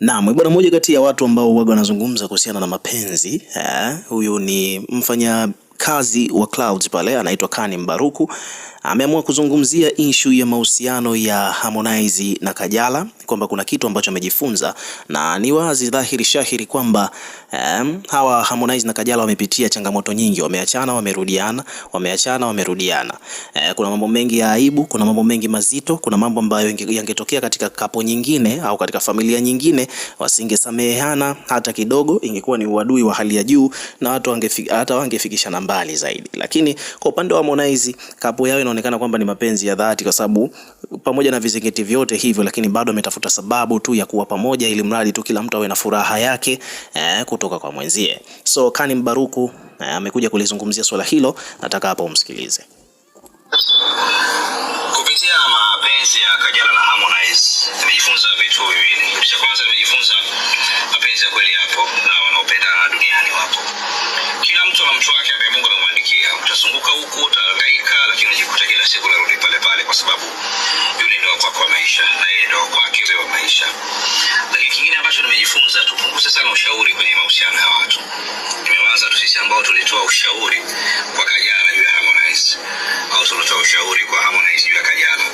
Naam, bwana mmoja kati ya watu ambao waga wanazungumza kuhusiana na mapenzi, eh, huyu ni mfanya kazi wa Clouds pale anaitwa Kani Mbaruku ameamua kuzungumzia inshu ya mahusiano ya Harmonize na Kajala kwamba kuna kitu ambacho amejifunza, na ni wazi dhahiri shahiri kwamba um, hawa Harmonize na Kajala wamepitia changamoto nyingi, wameachana wamerudiana, wameachana wamerudiana. E, kuna mambo mengi ya aibu, kuna mambo mengi mazito, kuna mambo ambayo yangetokea katika kapo nyingine au katika familia nyingine wasingesameheana hata kidogo, ingekuwa ni uadui wa hali ya juu na watu hata wangefikishana mbali zaidi, lakini kwa upande wa Harmonize kapu yao inaonekana kwamba ni mapenzi ya dhati, kwa sababu pamoja na vizingiti vyote hivyo, lakini bado ametafuta sababu tu ya kuwa pamoja, ili mradi tu kila mtu awe na furaha yake eh, kutoka kwa mwenzie. So Kani Mbaruku eh, amekuja kulizungumzia swala hilo, nataka hapo umsikilize. Kupitia mapenzi ya Kajala na Harmonize nimejifunza vitu viwili. Cha kwanza nimejifunza mapenzi ya kweli yapo na wanaopenda chakula rudi pale pale, kwa sababu yule ndio kwako kwa maisha na yeye ndio kwake wewe wa maisha. Lakini kingine ambacho nimejifunza, tupunguze sana ushauri kwenye mahusiano ya watu. Nimewaza tu sisi ambao tulitoa ushauri kwa Kajala juu ya Harmonize au tulitoa ushauri kwa Harmonize juu ya Kajala,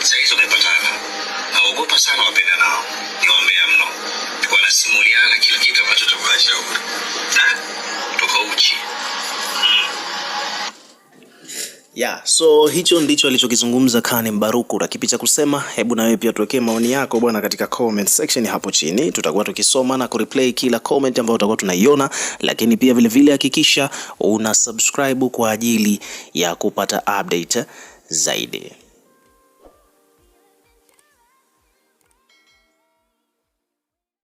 sasa hizo umepatana, naogopa sana wapendana Yeah, so hicho ndicho alichokizungumza Kane Mbaruku, Kipi cha kusema? Hebu na wewe pia tuwekee maoni yako bwana, katika comment section hapo chini. Tutakuwa tukisoma na kureplay kila comment ambayo utakuwa tunaiona, lakini pia vilevile hakikisha una subscribe kwa ajili ya kupata update zaidi.